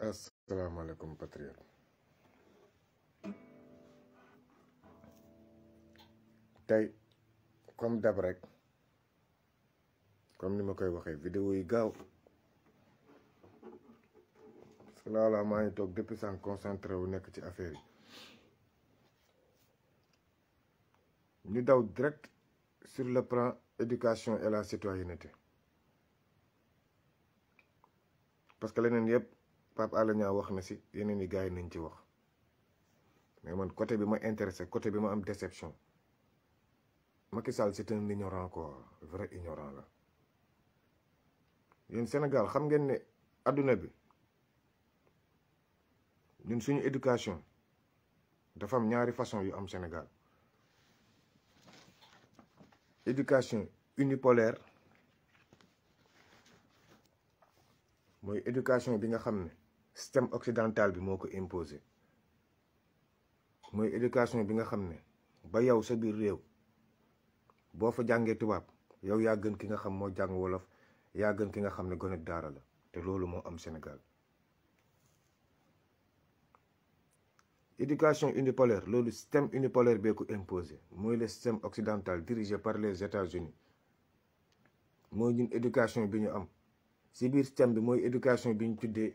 alaikum patriote Tay, comme d'habitude comme nous ma koy la vidéo yi gaaw Cela que laa depuis sans concentré au nekk ci affaire Nous nous direct sur le plan éducation et la citoyenneté parce que les yëpp Pape Alé Niang wax na si yeneen yi gars yi nañ ci wax mais man côté bi ma intéressé côté bi ma am déception Macky Sall c'est un ignorant quoi vrai ignorant la yéen Sénégal xam ngeen ne adduna bi ñun suñu éducation dafa am ñaari façon yu am Sénégal éducation unipolaire mooy éducation bi nga xam ne système occidental bi moo ko imposé mooy éducation bi nga xam ne ba yow sa biir réew boo fa jàngee tubaab yow yaa gën ki nga xam moo jàng wolof yaa gën ki nga xam ne gone daara la te loolu moo am Sénégal éducation unipolaire loolu système unipolaire bee ko imposé mooy le système occidental dirigé par les États-Unis mooy ñun éducation bi ñu am si biir système bi mooy éducation bi ñu tuddee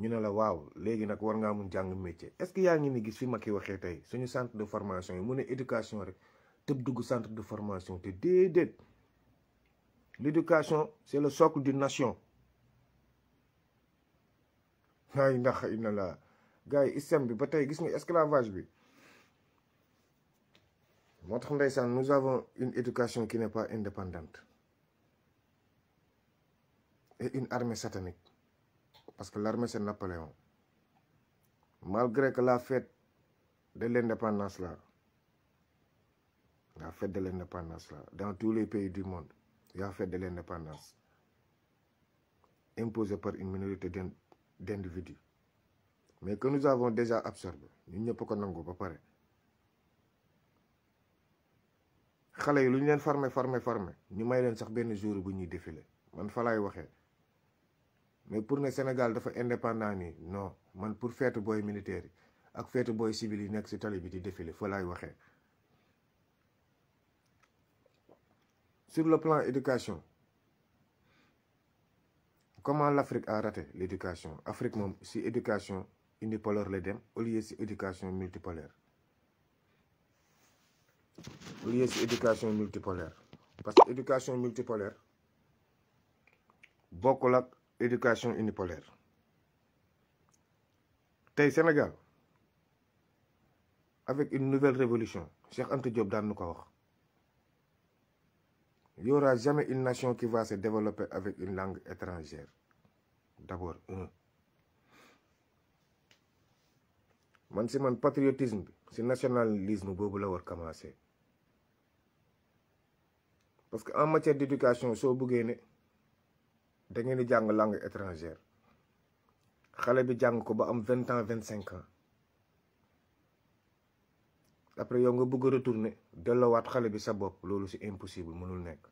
ñu ne la waaw léegi nag war nga mun jang métier est-ce que yaa ngi ni gis fi Macky waxé tay suñu centre de formation yi mu éducation rek tëb dugg centre de formation te déedéet l'éducation c'est le socle d'une nation ay ndax ina la gaay yi bi ba tey gis nga esclavage bi moo tax ndeysaan nous avons une éducation qui n'est pas indépendante et une armée satanique parce que l'armée c'est Napoléon. Malgré que la fête de l'indépendance là, la fête de l'indépendance là, dans tous les pays du monde, il y a la fête de l'indépendance imposée par une minorité d'individus. Mais que nous avons déjà absorbé, nous ne pouvons pas pareil. nous yi lu ñu formés, formé formé formé ñu may leen sax benn jour bu ñuy défilé man mais pour le Sénégal dafa indépendant ni non man pour fête boy militaire ak fête boy civil yi faut ci talibi di défilé fa lay waxé sur le plan éducation comment l'Afrique a raté l'éducation Afrique mom si éducation unipolaire le dem au lieu si éducation multipolaire au lieu si éducation multipolaire parce que éducation multipolaire bokkul ak éducation unipolaire Tay Sénégal avec une nouvelle révolution Cheikh Anta Diop dans Il n'y aura jamais une nation qui va se développer avec une langue étrangère d'abord un Moi, c'est mon patriotisme c'est nationalisme qui la commencer parce qu'en matière d'éducation si vous da ngeen di jàng làng étrangère xale bi jàng ko ba am vingt ans vingt cinq ans après yow nga bëgg retourne retourner delloowaat xale bi sa bopp loolu c'est impossible mënul nekk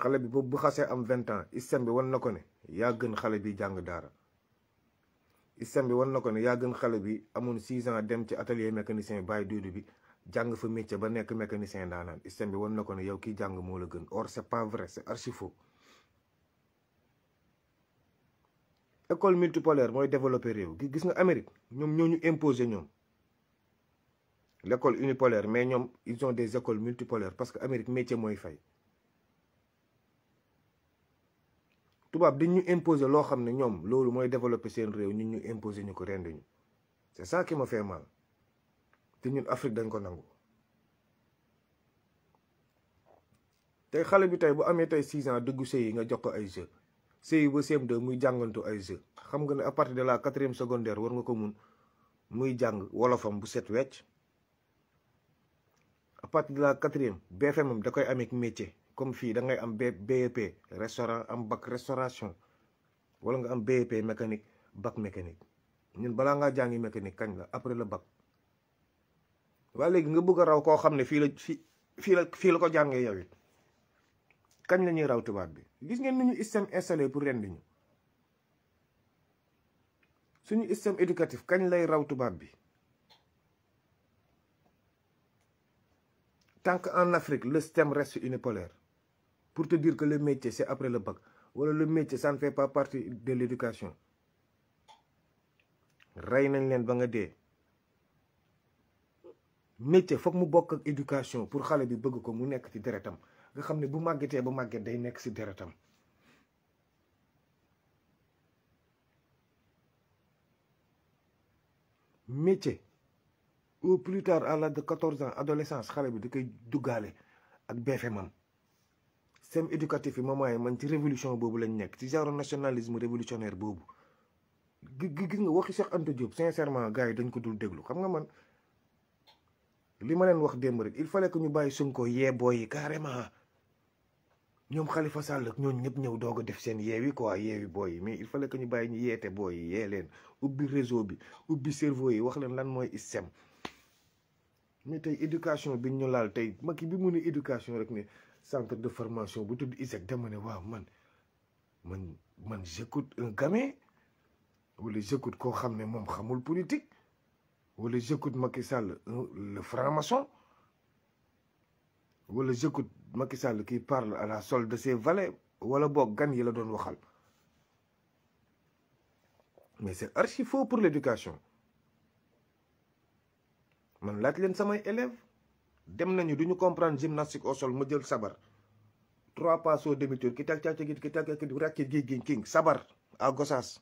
xale bi boobu bu xasee am vingt ans système bi wan na ko ne yaa gën xale bi jàng daara système bi wan na ko ne yaa xale bi amoon six ans dem ci atelier mécanicien bàyyi duudu bi jàng fa métier ba nekk mécanicien daanaan système bi wan na ko ne yow ki jàng moo la gën or c'est pas vrai c'est archi école multipolaire mooy développé réew gis nga Amérique ñoom ñoo ñu imposé ñoom l' uni unipolaire mais ñoom ils ont des écoles multipolaires parce que Amérique métier mooy fay tubaab dañ ñu imposer loo xam ne ñoom loolu mooy développé seen réew ñu ñu imposer ñu ko rend ñu c' ça qui m'a fait mal te ñun Afrique dañ ko nangu te xale bi tey bu amee tey six ans dugg sëy yi nga jox ko ay jeux CI ba CM2 muy jàngantu ay jeu xam nga ne à partir de la quatrième secondaire war nga ko mun muy jàng wolofam bu set wecc à de la quatrième BFM am da koy ameek métier comme fii da ngay am BEP restaurant am bac restauration wala nga am BEP mécanique bac mécanique ñun balaa ngaa jàngi mécanique kañ la après le bac waa léegi nga bugg a raw koo xam ne fii la fii fii la fii la ko jàngee yow it kañ la ñuy raw tubaab bi gis ngeen ni ñu système installé pour rendi ñu suñu système éducatif kañ lay raw tubaab bi tant qu'en Afrique le système reste unipolaire pour te dire que le métier c'est après le bac wala le métier ça ne fait pas partie de l'éducation ray nañ leen ba nga dé métier faut mu bokk ak éducation pour xalé bi bëgg ko mu nekk ci nga xam ne bu màggetee ba màgget day nekk ci deretam métier au plus tard à l'âge de quatorze ans adolescence xale bi da koy duggaale ak BFEM système éducatif yi maman yi man ci révolution boobu lañ nekk ci genre nationalisme révolutionnaire boobu gi gi gis nga waxi Cheikh Anta Diop sincèrement gars yi dañ ko dul déglu xam nga man li ma leen wax démb il fallait que ñu bàyyi Sonko yee booy yi carrément ñom Khalifa Sall ak ñooñu ñëpp ñëw def seen quoi boy mais il fallait que ñu bay ñu yété boy yé len ubi réseau bi ubi cerveau yi wax len lan moy ISEM mais tay éducation bi ñu laal tay maki bi mu éducation rek centre de formation bu tudd ISEC dama waaw man man man j'écoute un gamin wala j'écoute ko xamné ne xamul politique wala j'écoute Macky Sall euh, le franc-maçon wala j'écoute Macky Sall qui parle à la solde de ses valets wala boog gan yi la doon waxal mais c'est archi faux pour l'éducation man laaj leen samay élève dem nañu duñu comprendre gymnastique au sol ma jël sabar trois pas au demi-tour ki tak tak ki tak ki rakki gi gi king sabar à Gossas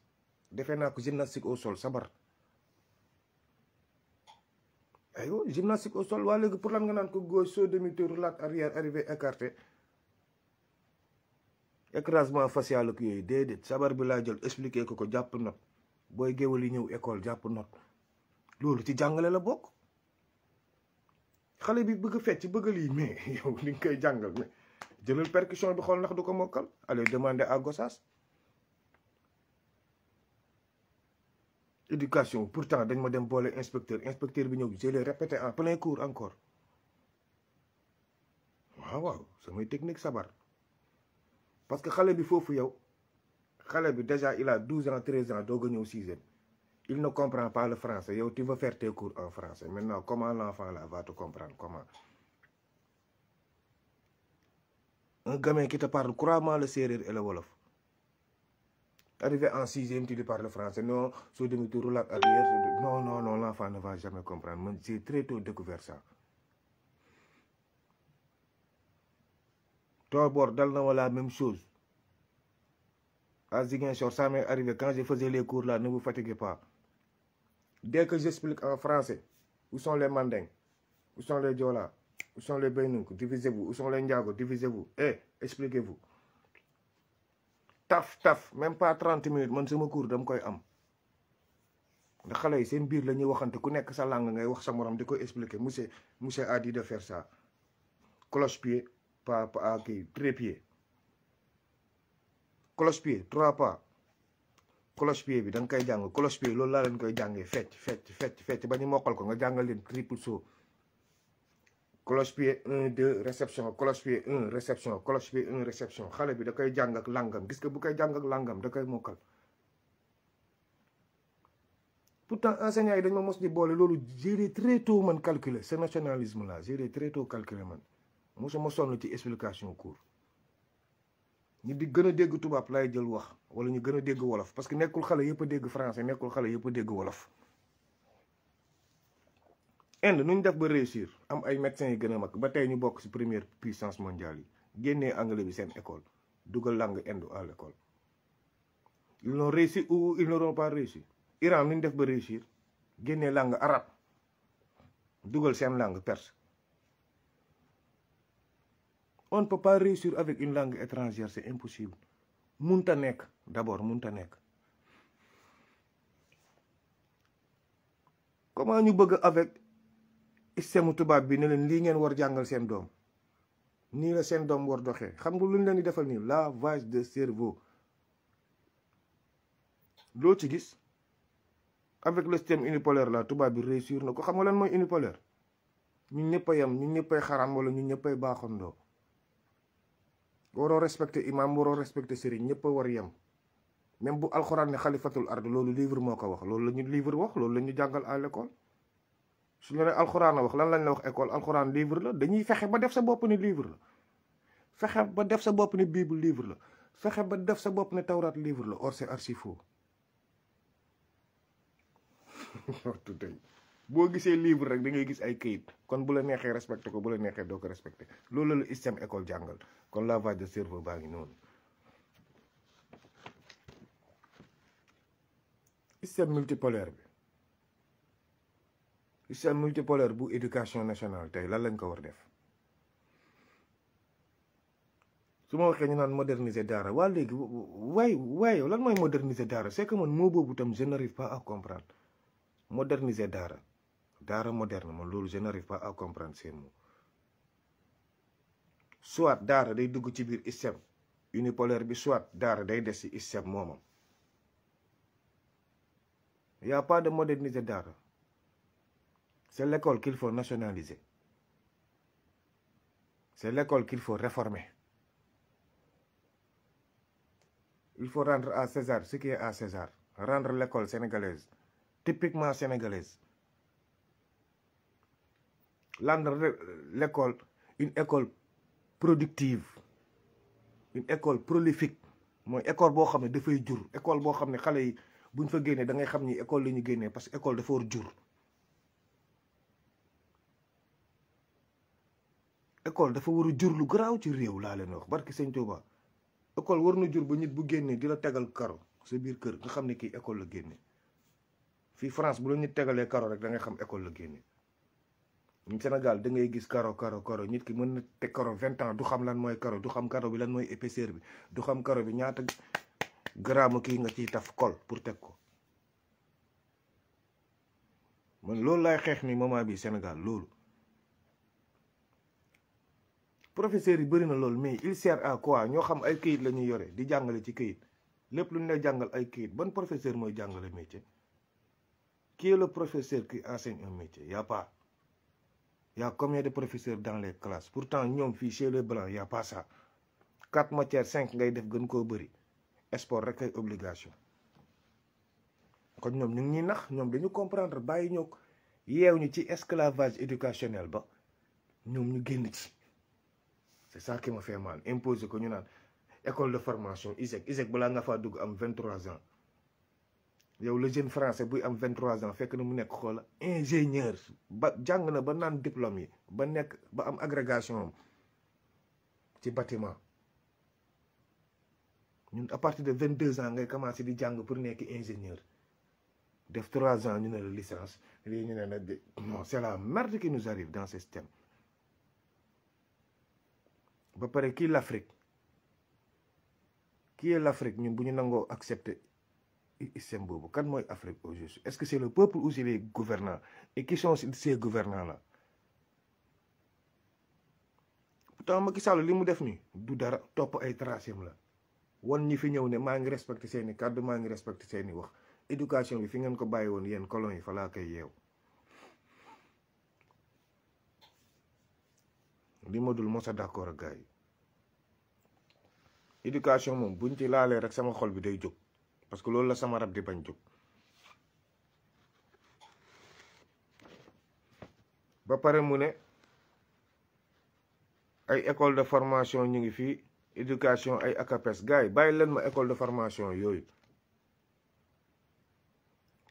kujin naa ko gymnastique au sol sabar ayo gymnastik au sol waa léegi pour lan ko gauche saut demi tour roulade arrière arrivé écarté écrasement facial ak yooyu sabar bi laa jël expliqué ko ko jàpp not booy géwal yi ñëw école jàpp not loolu ci jàngale la bokk xale bi bëgg fecc bëgg lii mais yow ni nga koy jàngal mais jëlal percussion bi xool ndax du ko allez demander à Gossas éducation pourtant je ma dem inspecteur inspecteur je l'ai répété en plein cours encore wow c'est une technique sabar parce que Khalebi bi déjà il a 12 ans 13 ans il ne comprend pas le français tu vas faire tes cours en français maintenant comment l'enfant va te comprendre comment un gamin qui te parle couramment le sérieux et le wolof Arrivé en sixième, tu lui parles français. Non, sur demi-tour, arrière. Non, non, non, l'enfant ne va jamais comprendre. J'ai très tôt découvert ça. Toi, bordel, non, la même chose. ça m'est arrivé. Quand je faisais les cours là, ne vous fatiguez pas. Dès que j'explique en français, où sont les mandingues, où sont les diolas, où sont les Benouk, divisez-vous, où sont les ndiago, divisez-vous. Eh, expliquez-vous. taf taf même pas trente minutes man sama dam koy am ndax xale yi seen biir la ñuy waxante ku nekk sa langue ngay wax sa morom di expliquer monsieur monsieur a dit de faire ça cloche-pied pas pas ah, kii trépied cloche-pied trois pas cloche-pied bi da koy jàng cloche-pied loolu laa leen koy jàngee ko nga triple saut cloche-pied 1 2 réception cloche-pied 1 réception cloche-pied 1 réception xalé bi da ak langam gis bu ak langam da pourtant enseignant yi dañ di très tôt man calculer ce nationalisme là je très tôt calculé man suis ci explication cours di dégg jël wax wala dégg wolof parce que nekkul xalé yëpp dégg français yëpp dégg Inde nindak beresir, def ba réussir am ay médecins yu gën a mag ba tey ñu bokk ci première puissance mondiale yi anglais bi seen école dugal langue indo à l'école ils l'ont réussi ou ils n'auront pas réussi Iran nu ñu def ba réussir génnee langue arabe dugal seen langue perse on ne peut pas réussir avec une langue étrangère c'est impossible munta nekk d'abord munta comment ñu bëgg avec système tubaab bi ne leen lii ngeen war jàngal seen doom nii la seen doom war doxee xam nga lu ñu leen di defal nii lavage de cerveau loo ci gis avec le système unipolaire la tubaab bi réussir na ko xam nga lan mooy unipolaire ñun ñëpp a yem ñu ñëpp ay xaram ñu ñun ñëpp ay baaxandoo waroo respecté imam waroo respecté sëriñ ñëpp war yem même bu alxuraan ne xalifatul ard loolu livre moo ko wax loolu la ñu livre wax loolu la ñu jàngal à l'école suñu la alxuraan a wax lan lañ la wax école alxuraan livre la dañuy fexe ba def sa bopp ni livre la fexe ba def sa bopp ni bible livre la fexe ba def sa bopp ni tawraat livre la or c'est archi faux boo gisee livre rek da ngay gis ay kayit kon bu la neexee respecté ko bu la neexee doo ko respecté loolu la système école jàngal kon lavage de cerveau baa ngi noonu système multipolaire bi système multipolaire bu éducation national tey lan lañ ko war def su ma waxee ñu naan moderniser daara waa léegi waay waay lan mooy moderniser daara c'est que man moo boobu tam je pa pas à comprendre moderniser daara daara moderne man loolu je pa pas à comprendre seen mot soit daara day dugg ci biir uni unipolaire bi soit daara day des ci système moomam y a pas de moderniser daara C'est l'école qu'il faut nationaliser. C'est l'école qu'il faut réformer. Il faut rendre à César ce qui est à César. Rendre l'école sénégalaise, typiquement sénégalaise. Rendre l'école, une école productive, une école prolifique. L'école école bo xamné L'école fay école bo xamné yi buñ fa école parce que école école dafa war a jur lu garaaw ci réew laa leen wax barki sëñ Touba école war na jur ba ñit bu génnee di la tegal karo sa biir kër nga xam ne kii école la génne fii France bu la nit tegalee karo rek da ngay xam école la génne ñun Sénégal da ngay gis karo karo karo nit ki mën na teg karo vingt ans du xam lan mooy karo du xam karo bi lan mooy épaisseur bi du xam karo bi ñaata gramme kii nga ciy taf kol pour teg ko man loolu laay xeex nii moment bi Sénégal loolu. professeurs yi bëri na loolu mais il sert à quoi ñoo xam ay këyit lañuy ñuy yore di jàngale ci këyit lépp lu ñu lay jàngal ay këyit ban professeur mooy jàngale métier qui est le professeur qui enseigne un métier y a pas y a combien de professeurs dans les classes pourtant ñoom fii chez les blancs pa a pas quatre matières cinq ngay def gën koo bëri sport rek ay obligation kon ñoom ñu ngi ñuy nax ñoom dañu comprendre bàyyi ñoo yeew ñu ci esclavage éducationnel ba ñoom ñu génn ci c'est ça qui m'a fait mal imposé que ñu une école de formation Isaac, ISEC il nga 23 ans yow le jeune français ont am 23 ans fekk ils mu nekk xoola ingénieur ba jàng na diplôme Ils ba nekk ba agrégation C'est ci bâtiment ñun à partir de 22 ans ngay commencé à Jang pour nekk ingénieur def 3 ans ñu avons la licence ñu non c'est la merde qui nous arrive dans ce système ba pare kii l'Afrique qui est l'Afrique ñun bu ñu nangoo accepter système boobu kan mooy Afrique au juste est-ce que c'est le peuple ou c'est les gouvernants et qui sont ces gouvernants là pourtant Macky Sall li mu def ni du dara topp ay tracem la wan ñi fi ñëw ne maa ngi respecté seeni kàddu maa ngi respecté seeni wax éducation bi fi ngeen ko bàyyi woon colon yi fa laa koy li ma dul mos a d'accord ak gars yi éducation moom buñ ci laalee rek sama xol bi day jóg parce que loolu la sama rab di bañ jóg ba pare mu ne ay ecole de formation ñu ngi fii éducation ay akapes gars yi bàyyi leen ma école de formation yooyu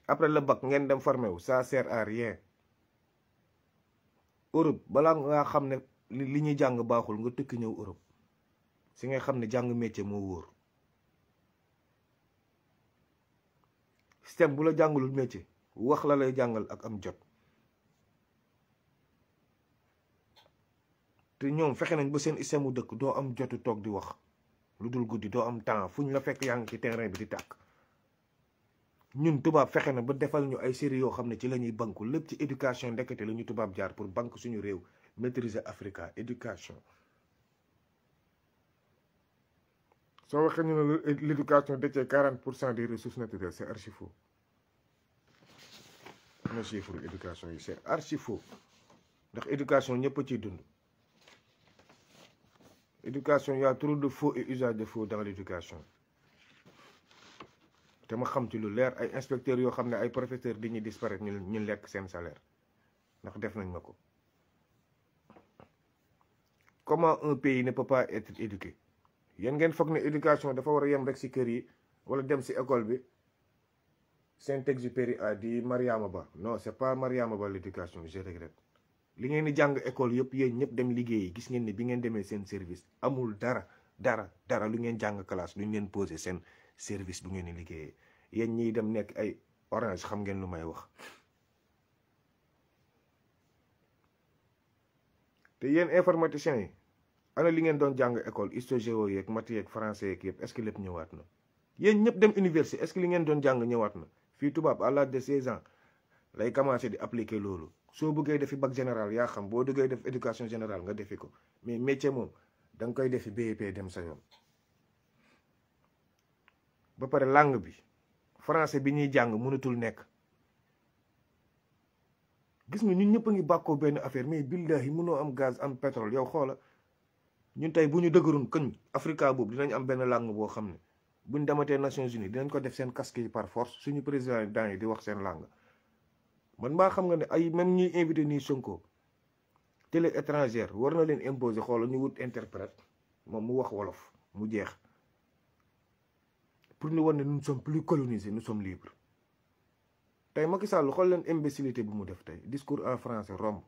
après la bac ngeen dem formé wu ça sert à Europe balaa ngaa xam ne li ñuy jàng baaxul nga tukki ñëw Europe si nga xam ne jàng métier moo wóor système bu la jàngalul métier wax la lay jàngal ak am jot te ñoom fexe nañ ba seen système mu dëkk am jotu toog di wax lu dul guddi doo am temps fuñ la fekk yaa ngi ci terrain bi di tàkk ñun tubaab fexe na ba defal ñu ay série yoo xam ne ci la ñuy banku lépp ci éducation ndekete la ñu jaar pour banque suñu réew maîtriser Africa éducation Si vous détient 40 des ressources naturelles c'est archi faux C'est archi faux L'éducation, éducation L'éducation, il y' a trop de faux et usage de faux dans l'éducation. Je sais que les lu ay inspecteurs yoo professeurs disparaissent. salaire ndax def comment un pays ne peut pas être éduqué Il y a une éducation dafa war a yem rek si kër yi wala dem si école bi Saint-Exupéry a dit Mariama Ba non c'est pas mariamaba Ba l'éducation je regrette li ngeen jang école yëpp yéen ñep dem liggéey gis ngeen ni bi ngeen démé sen service amul dara dara dara lu ngeen jang classe lu ñu leen posé sen service bu ngeen di liggéeyee yéen ñiy dem nek ay orange xam ngeen lu may wax te yéen informaticiens yi ana li ngeen doon jàng école histo géo yeeg maths yeeg français yeeg yëpp est-ce ñëwaat na yéen ñëpp dem université est-ce li ngeen doon jàng ñëwaat na fi tubaab à l'âge de 16 ans lay commencé di appliquer loolu soo buggee defi bac général yaa xam boo duggee def éducation générale nga defi ko mais métier moom da nga koy defi BEP dem sa yoon ba pare langue bi français bi ñuy jàng mënatul nekk gis nga ñun ñëpp a ngi bàkkoo benn affaire mais billahi mënoo am gaz am pétrole yow xoola ñun tey bu ñu dëgëroon këñ Africa boobu dinañ am benn langue boo xam ne buñ dematee Nations Unies dinañ ko def seen casque par force suñu président yi daan yi di wax seen làng man maa xam nga ne ay même ñuy invité nii Sonko télé étrangère war na leen imposer xoola ñu wut interprète moom mu wax wolof mu jeex pour nu war ne nu sommes plus colonisés nu sommes libres tey Macky Sall xool leen imbécilité bu mu def tey discours en français romb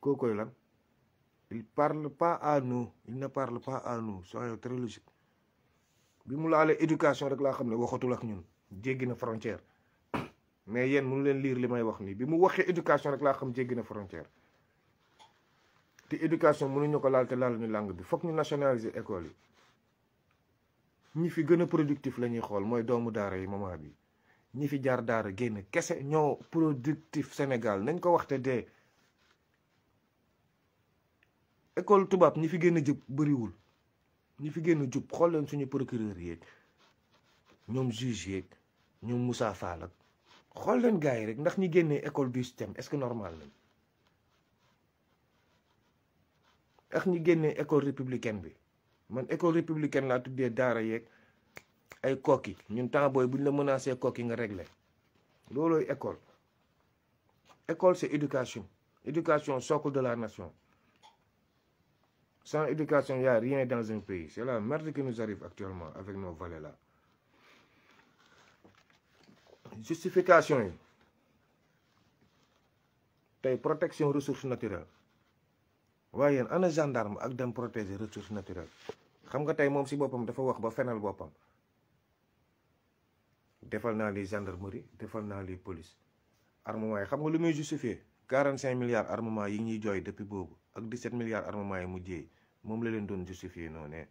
kookoy lan il parle pas à nous il ne parle pas à nous soyons très logique bi mu laalee éducation rek laa xam ne waxatul ak ñun jéggi na frontière mais yéen mënu leen lire li may wax nii bi mu waxee éducation rek laa xam jéggi na frontière te éducation mënuñu ko laal te laal ñu langue bi foog ñu nationaliser école yi ñi fi gën a productif la ñuy xool mooy doomu daara yi moment bi ñi fi jaar daara génn kese ñoo productif Sénégal nañ ko waxte de école tubaab ñi fi gën a jub bëriwul ñi fi gën jub xool leen suñu procureur yeeg ñoom juge yeeg ñoom Moussa Fall xool leen gars yi rek ndax ñi génnee école du système est-ce que normal lañ ndax ñi génnee école républicaine bi man école républicaine la tuddee daara elle ay kokki ñun temps booy bu la menacé kokki nga régler loolooy école école c'est éducation éducation socle de la nation sans éducation il y a rien dans un pays c'est la merde qui nous arrive actuellement avec nos valets là justification C'est la protection ressources naturelles. wayen voyez, ana gendarme ak dem protéger ressources naturelles. xam nga tey moom si boppam dafa wax ba fenal boppam defal naa li gendarmerie defal naa li police armement yi xam nga lu muy justifier cinq milliards armement yi ñuy jooy depuis boobu ak 17 milliards armement yi mujjee moom la leen doon justifier noonu ne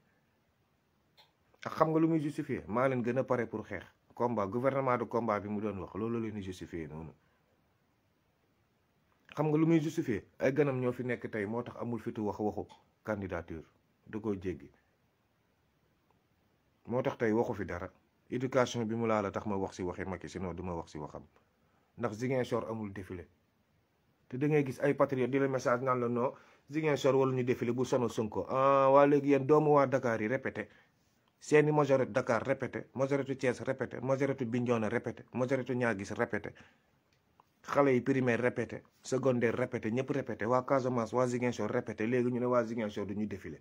ak xam nga lu muy justifier maa leen gën a pare pour xeex combat gouvernement de combat bi mu doon wax loolu leen di noonu xam nga lu muy justifier ay ganam ñoo fi nekk tey moo tax amul fitu wax waxu candidature da koo jéggi moo tax tey waxu fi dara éducation bi mu laa la tax ma wax si waxi Macky sinon du ma wax si waxam ndax Ziguinchor amul défilé te da ngay gis ay patriotes di la message naan la non Ziguinchor walu ñu défilé bu sono Sonko ah waa léegi yéen doomu waa Dakar yi répété seeni majorité Dakar répété majorité Thiès répété majorité Bignona répété majorité Niaguis répété xale yi primaire répété secondaire répété ñëpp répété waa Casamance waa Ziguinchor répété léegi ñu ne waa Ziguinchor du ñu défilé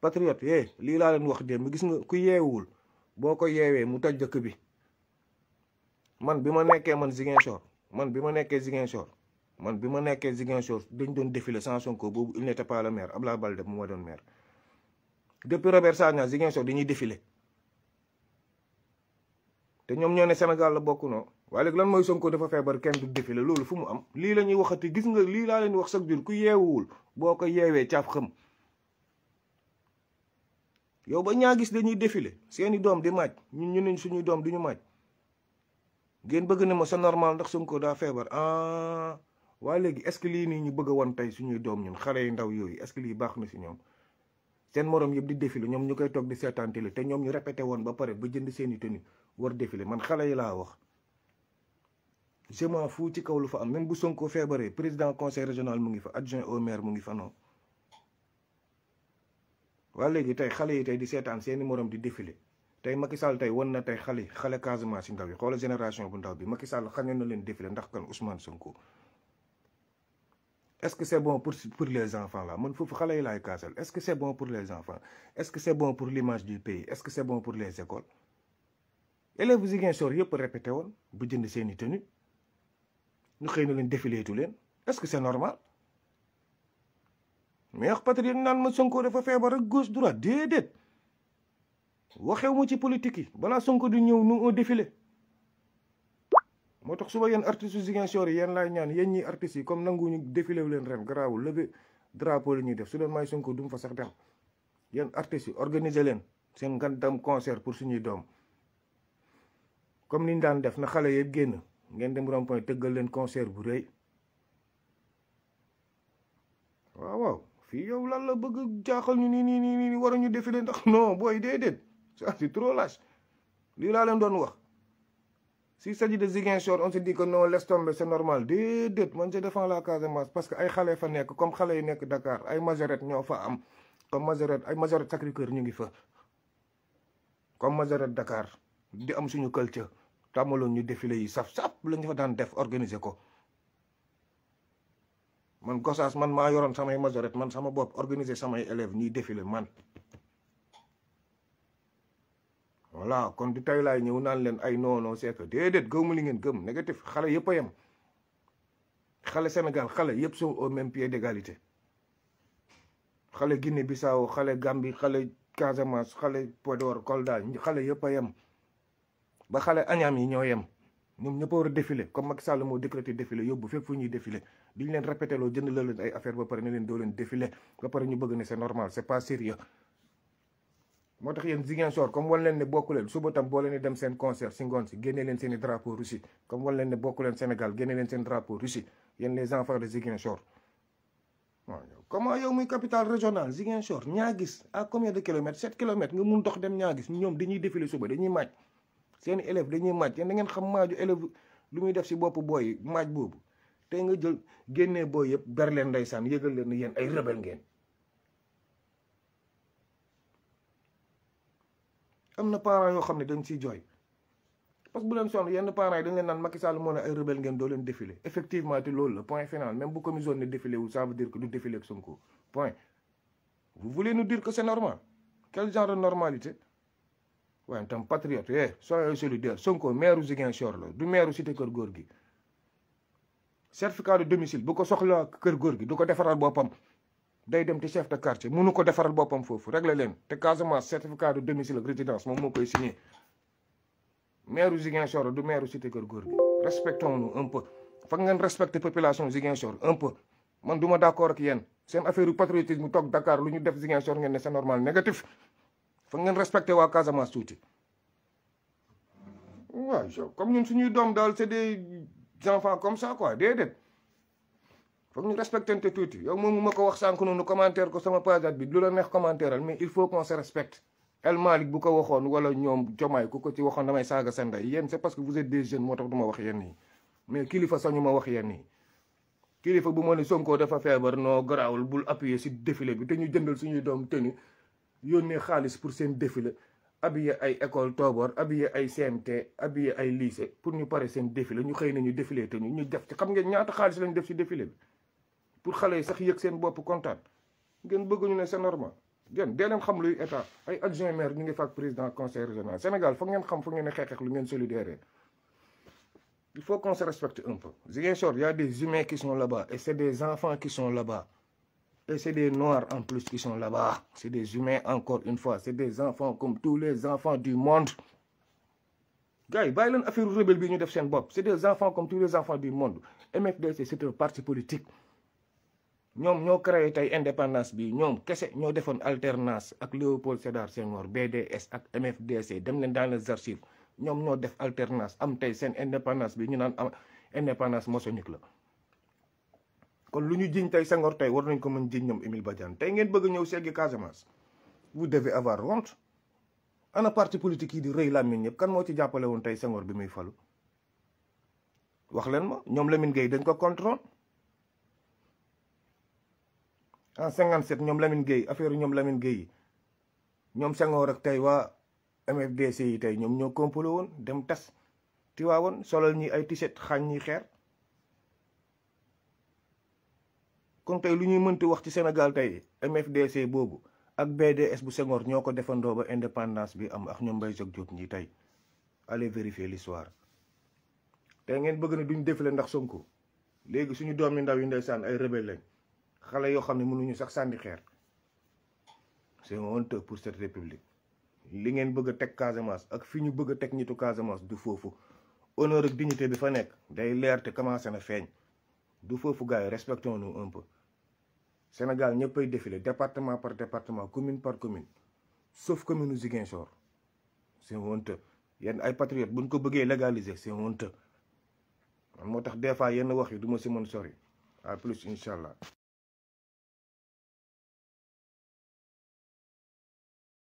patriote eh lii laa leen wax démb gis nga ku yeewul boo ko yeewee mu taj dëkk bi man bi ma nekkee man Ziguinchor man bi ma nekkee Ziguinchor man bi ma nekkee Ziguinchor dañ doon défilé sans Sonko boobu il n'était pas le maire Abdoulaye Baldé mu ma doon maire depuis Robert Sagna Ziguinchor dañuy défilé te ñoom ñoo ne Sénégal la bokk noo waaye léegi lan mooy Sonko dafa feebar kenn du défilé loolu fu mu am lii la ñuy waxati gis nga lii laa leen wax chaque jour ku yeewuwul boo ko yeewee caaf yow ba ñaa gis dañuy défilé seeni doom di màcc ñun ñu ne suñuy doom ñu màcc ngeen bëgg ne ma sa normal ndax Sonko daa feebar ah waaye léegi est-ce lii nii ñu bëgg woon tey suñuy doom ñun xale yu ndaw yooyu est-ce lii baax na si ñoom seen morom yëpp di défilé ñoom ñu koy toog di seetaan télé te ñoom ñu répété woon ba pare ba jënd seeni tenue war défilé man xale yi laa wax je m'en ci kaw lu fa am même bu Sonko feebaree président conseil régional mu ngi fa adjoint au maire mu ngi fa non waa léegi tey xale yi tey di seetaan seeni morom di défilé tey Macky Sall tey wan na tey xale xale Casamance si ndaw yi xoola génération bu ndaw bi Macky Sall na leen défilé ndax kan Ousmane Sonko est-ce que c'est bon pour pour les enfants là Mon foofu xale yi laay est-ce que c'est bon pour les enfants est-ce que c'est bon pour l'image du pays est-ce que c'est bon pour les écoles élèves Ziguinchor yëpp répété woon bu jënd seeni tenue ñu xëy na leen défileetu leen est-ce que c'est normal mais wax patriote naan ma Sonko dafa feebar ak gauche droite déedéet waxew ma ci politique yi balaa Sonko di ñëw nu un moo tax suba yéen artistes yu Ziguinchor yi yéen laay ñaan yéen ñi artistes yi comme nanguñu ñu wu leen ren garaawul levé drapeau la ñuy def su doon may Sonko du mu fa sax dem yéen artistes yi organiser leen seen ngandam concert pour suñuy doom comme niñ daan def na xale yëpp génn ngeen dem rond point tëggal leen concert bu rëy waaw fii yow lan la bëgg jaaxal ñu nii nii nii nii ñu défilé ndax non booy déedéet ça c'est trop lâche lii laa leen doon wax s'il s'agit de Ziguinchor on se dit que non laisse tomber c'est normal déedéet man je défends la Casamance parce que ay xale fa nekk comme xale yi nekk Dakar ay majorette ñoo fa am comme majorette ay majorette sacré ñu ngi fa comme majorette Dakar di am suñu culture tàmmaloon ñu défilé yi saf-saf lañu fa daan def organiser ko man Gossas man maa yoroon samay majorette man sama bopp organiser samay élèves ñuy défilé man voilà kon du tey laay ñëw naan leen ay non non c'est que déedéet gëmu li ngeen gëm négatif xale yëpp a yem xale senegal xale yëpp sont au même pied d'égalité xale Guinée Bissau xale Gambie xale Casamance xale Podor Kolda xale yëpp a yem ba xale añaam yi ñoo yem. ñoom ñëpp war défiler comme Macky Sall mo décrété défiler yóbbu fépp fu ñuy défiler di leen répété lo jënd leen ay affaire ba paré ne leen doo leen défiler ba paré ñu bëgg né c'est normal c'est pas sérieux motax yeen yéen Ziguinchor comme wan leen né bokku leen subatam bo leen di dem sen concert si ngoon si leen sen drapeau Russie comme wan leen né bokku leen Sénégal génne leen sen drapeau Russie yeen les enfants de Ziguinchor waaw comment yow muy capitale régionale Ziguinchor ñaa gis à combien de kilomètres 7 kilomètres nga mun dox dem ñaa gis ñom dañuy défiler suba dañuy màcc seen élève dañuy maaj yéen da ngeen xam maaju élève lu muy def si boppu booy maaj boobu te nga jël génne booy yëpp ber leen ndeysaan yëgal leen ne yéen ay rebel ngeen am na parents yoo xam ne dañ siy jooy parce que bu leen sonn yenn parents yi dañ leen naan Macky Sall moo ay rebelle ngeen doo leen défilé effectivement te loolu la point final même bu commission ne défilé wu ça veut dire que du défilé ak Sonko point vous voulez dire que c'est normal quel genre normalité waaye tam patriote eh soyez solidaire Sonko maire Ziguinchor la du maire cité kër góor gi certificat de domicile bu ko soxla kër góor gi du ko defaral boppam day dem ci chef de quartier mënu ko defaral boppam foofu régler leen te Casamance certificat de domicile ak résidence moom moo koy signé maire Ziguinchor la du maire cité kër góor gi respectons-nous un peu fa ngeen respecter population Ziguinchor un peu man du ma d'accord ak yéen seen affaire u patriotisme toog Dakar lu ñu def Ziguinchor ngeen ne c'est normal négatif fa ngeen respecté waa Casamance touti waaw comme ñun suñuy d'hommes dal c'est des enfants comme ça quoi déedéet foog ñu respectante touti yow mom ma wax sànq noonu commentaire ko sama page bi lu la neex commentaire mais il faut qu'on se respecte El malik bu ko waxoon wala ñom jomay ku ko ci waxone damay saga sen day yeen c'est parce que vous êtes des jeunes moo tax du wax yenn ni. mais kilifa sañu wax yenn ni kilifa bu mo ni Sonko dafa feebar no garaawul bul appuyer si défilé bi té ñu jëndal suñuy dom tenue yónnee xaalis pour sen défilé habillé ay école tobor habillé ay CMT habillé ay lycée pour ñu paré sen défilé ñu xey nañu défilé té ñu ñu def ci xam ngeen ñaata xaalis lañ def ci défilé pour xalé sax yek sen bop kontaan ngeen bëgg ñu ne c'est normal ngeen dee leen xam luy état ay adjoint maire ñu ngi faak président conseil régional Sénégal fa ngeen xam foog ngeen ne xeexeex lu ngeen solidaire il faut qu'on se respecte un peu il y a des humains qui sont là-bas et c'est des enfants qui sont là-bas c'est des noirs en plus qui sont là-bas. C'est des humains encore une fois. C'est des enfants comme tous les enfants du monde. gars c'est des enfants comme tous les enfants du monde MFDC c'est un parti politique Nous ñoo créé l'indépendance. indépendance bi fait kese ñoo alternance avec Léopold Sédar Senghor BDS et MFDC dem leen dans les archives ñoom ñoo def alternance am tey seen indépendance bi ñu fait une indépendance kon lu ñu jiñ tey Senghor tey war nañ ko mën jiñ ñoom Émile Badiane tey ngeen bëgg a ñëw seggi Casamance vous devez avoir honte ana parti politique yi di rëy làmmiñ ñëpp kan moo ci jàppale woon tey Senghor bi muy falu wax leen ma ñoom Lamine géey dañ ko contrôle en 57 ñoom Lamine Gueye affaire ñoom Lamine géey ñoom Senghor ak tey waa MFDC yi tey ñoom ñoo compolo woon dem tas ti waa woon solal ñi ay t-shirt xaañ ñi xeer kon tey lu ñuy mënti wax ci Sénégal tey MFDC boobu ak BDS bu Senghor ñoo ko defandoo ba indépendance bi am ak ñoom Mbaye jog Diop ñi tey allez vérifier l'histoire tey ngeen bëgg ne duñ défilé ndax Sonko léegi suñu doom yi ndaw yi saan ay rebelle xale yoo xam ne mënuñu sax sànni xeer c'est une honte pour cette république li ngeen bëgg a teg Casamance ak fi ñu bëgg a teg ñitu Casamance du foofu honneur ak dignité bi fa nekk day leer te commencé na feeñ du foofu gars yi respectons-nous un Sénégal ñëpp ay défilé département par département commune par commune sauf commune Ziguinchor c'est honteux yenn ay bu ñu ko bëggee légaliser si honteux man moo tax des fois yenn wax yi duma si mën sori à plus incha allah.